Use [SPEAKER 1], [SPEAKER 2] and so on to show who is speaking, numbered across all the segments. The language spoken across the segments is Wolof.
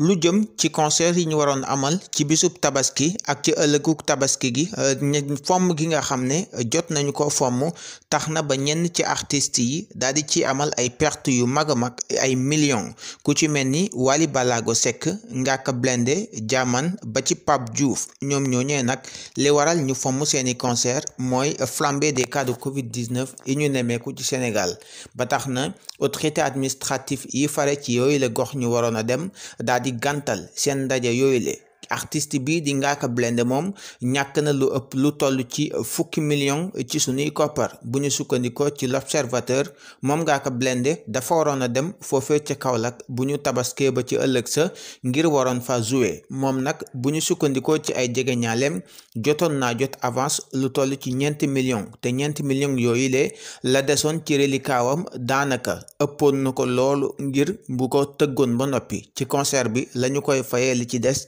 [SPEAKER 1] lu jëm ci concert yi ñu waroon amal ci bisub tabaski ak ci ëllëguk tabaski gi euh, fomm gi nga xam ne jot nañu ko fomm tax na ba ñenn ci artistes yi daal di ci amal ay perte yu mag a mag ay millions ku ci mel ni wali Wally Ballago Seck Ngaaka Blindé Diamane ba ci Pape juuf ñoom ñooñee nag li waral ñu fomm seeni concert mooy flambée de cas de Covid-19 yi ñu nemmeeku ci Sénégal ba tax na autorité administrative yi fare ci yooyu la gox ñu waroon a dem daal di gàntal seen ndaje yooyule artiste bii di Ngaaka Blindé moom ñàkk na lu ëpp lu toll ci fukki million ci sunuy koppar bu ñu sukkandikoo ci l'observateur moom Ngaaka Blindé dafa waroon a dem foofee ca Kaolack bu ñu tabaskee ba ci ëllëg sa ngir waroon fa jouer moom nag bu ñu sukkandikoo ci ay jege ñaaleem jotoon naa jot avance lu toll ci ñeenti million te ñeenti million yooyu lee la desoon ci relikaawam daanaka ëppoon na ko loolu ngir bu ko tëggoon ba noppi ci concert bi lañu koy li ci des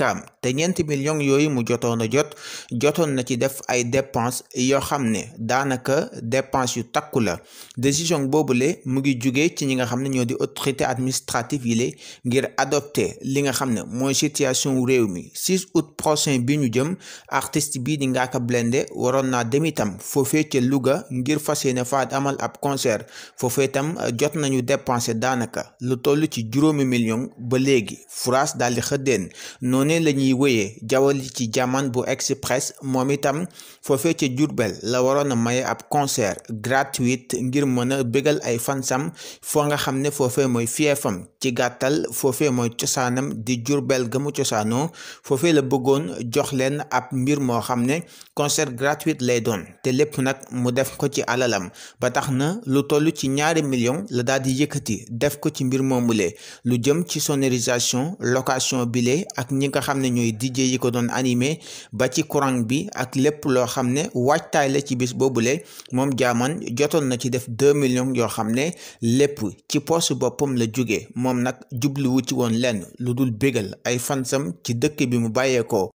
[SPEAKER 1] syndicat te ñeenti millions yooyu mu jotoon a jot jotoon na ci def ay dépenses yoo xam ne daanaka dépenses yu takku la décision le mu ngi jóge ci ñi nga xam ne ñoo di autorité administrative yi le ngir adopté li nga xam ne mooy situation réew mi 6 août prochain bi ñu jëm artiste bii di Ngaaka Blindé waroon naa dem itam foofee ca Louga ngir fas yéene fa amal ab concert foofee itam jot nañu dépensé daanaka lu toll ci juróomi millions ba léegi France daal di xëddeen noonee la ñuy wéyee jawal ci jaman bu express moom itam foofee ca Jurbel la waroon a maye ab concert gratuite ngir mën a bégal ay fansam foo nga xam ne foofee mooy fiefam ci gàttal foofee mooy cosaanam di Jurbel ga mu cosaanoo foofee la bëggoon jox leen ab mbir moo xam ne concert gratuite lay doon te lépp nag mu def ko ci alalam ba tax na lu toll ci ñaari million la daal di yëkkati def ko ci mbir moomulee lu jëm ci sonorisation location bile ak ñi nga xam ne ñooy DJ yi ko doon animé ba ci courant bi ak lépp loo xam ne waajtaay la ci bis boobule moom jaaman jotoon na ci def deux millions yoo xam ne lépp ci poche boppam la jóge moom nag jubluwu ci woon lenn lu dul bégal ay fansam ci dëkk bi mu bàyyeekoo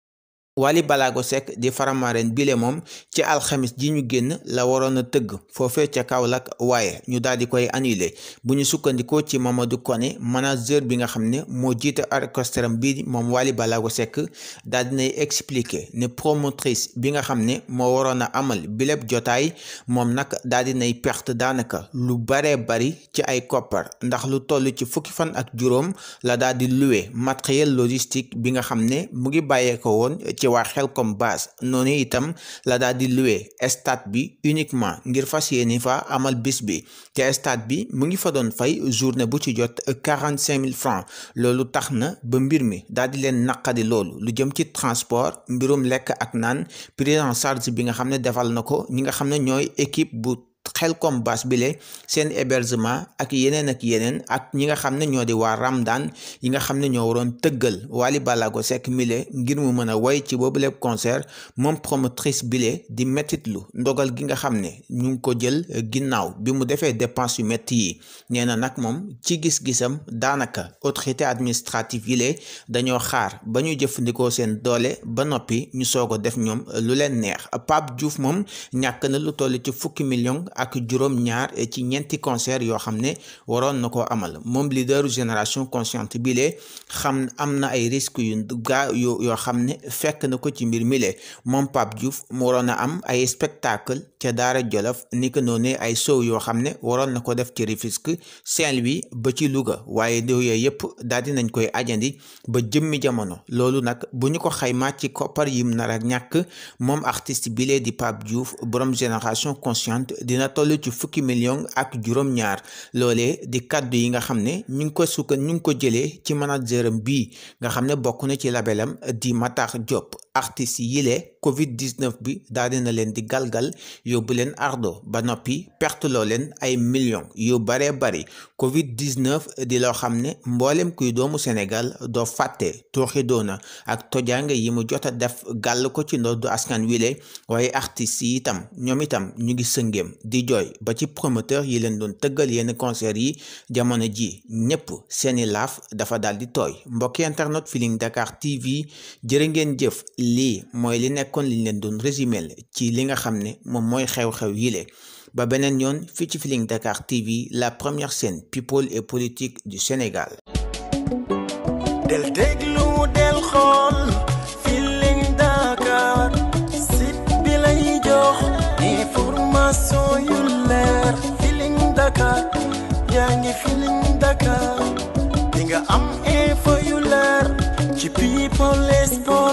[SPEAKER 1] Wally Ballago Seck di Faramareen bile moom ci alxamis ji ñu génn la waroon a tëgg foofee ca Kaolack waaye ñu daal di koy annulé bu ñu sukkandikoo ci Mamadou Koné manager bi nga xam ne moo jiite orchestre bi moom Wally Ballago Seck daal dinay expliqué ne promotrice bi nga xam ne moo waroon a amal bileb jotaay moom nag daal dinay perte daanaka lu baree bari ci ay koppar ndax lu toll ci fukki fan ak juróom la daal di loué matériel logistique bi nga xam ne mu ngi bàyyee woon ci waa Xelcom base noonu itam la daal di loué stade bi uniquement ngir fas yéene fa amal bis bi te stade bi mu ngi fa doon fay journée bu ci jot quarante cinq mille francs loolu tax na ba mbir mi daal di leen naqadi loolu lu jëm ci transport mbirum lekk ak naan prise en charge bi nga xam ne defal na ko ñi nga xam ne ñooy équipe bu. xel Xelkom Bas bile seen hébergement ak yeneen ak yeneen ak ñi nga xam ne ñoo di waa Ramdan yi nga xam ne ñoo waroon tëggal Wally Ballago Seck mile ngir mu mën a woy ci boobu lépp concert moom promotrice bile di mettitlu ndogal gi nga xam ne ñu ngi ko jël ginnaaw bi mu defee dépense yu métti yi nee na nag moom ci gis-gisam daanaka autorité administrative yile dañoo xaar ba ñuy jëfandikoo seen doole ba noppi ñu soog a def ñoom lu leen neex Pape Diouf moom ñàkk na lu toll ci fukki million ak juróom-ñaar eh, ci ñeenti concert yoo xam ne waroon na ko amal moom leader génération consciente bi xam am na ay risques yu gaa yoo xam ne fekk na ko ci mbir mi lee moom Pape Diouf mu waroon a am ay spectacle ca Daara Jolof ni ko noonu ay sow yoo xam ne waroon na ko def ci Rufisque Saint-Louis ba ci Louga waaye yooyu yëpp daal di nañ koy ajandi ba jëmmi jamono loolu nag bu ñu ko xaymaa ci koppar yim nar a ñàkk moom artist bile di Pape Diouf boroom génération consciente dina toll ci fukki million ak juróom-ñaar loolee di kàddu yi nga xam ne ñu ngi ko sukkan ñu ngi ko jëlee ci manageram bii nga xam ne bokk na ci labelam di Matar Diop artiste yile Covid 19 bi daal dina leen di galgal. yóbbu leen ardo ba noppi perteloo leen ay millions yu baree bari covid 19 di loo xam ne mboolem kuy doomu Sénégal doo fàtte tooxi doona ak tojange yi mu jot a def gal ko ci ndoddu askan wile waaye artistes yi itam ñoom itam ñu ngi sëngeem di jooy ba ci promoteur yi leen doon tëggal yenn concert yi jamono ji ñépp seeni laaf dafa daal di tooy mbokki internet Feeling Dakar TV jërë ngeen jëf lii mooy li nekkoon liñ leen doon résumé ci li nga xam ne moom mooy xew-xew yile ba beneen yoon fii ci Feeling Dakar TV la première scène people et politique du Sénégal
[SPEAKER 2] del déglu del xool Feeling Dakar yaa ngi Feeling Dakar di am info yu leer ci people et sport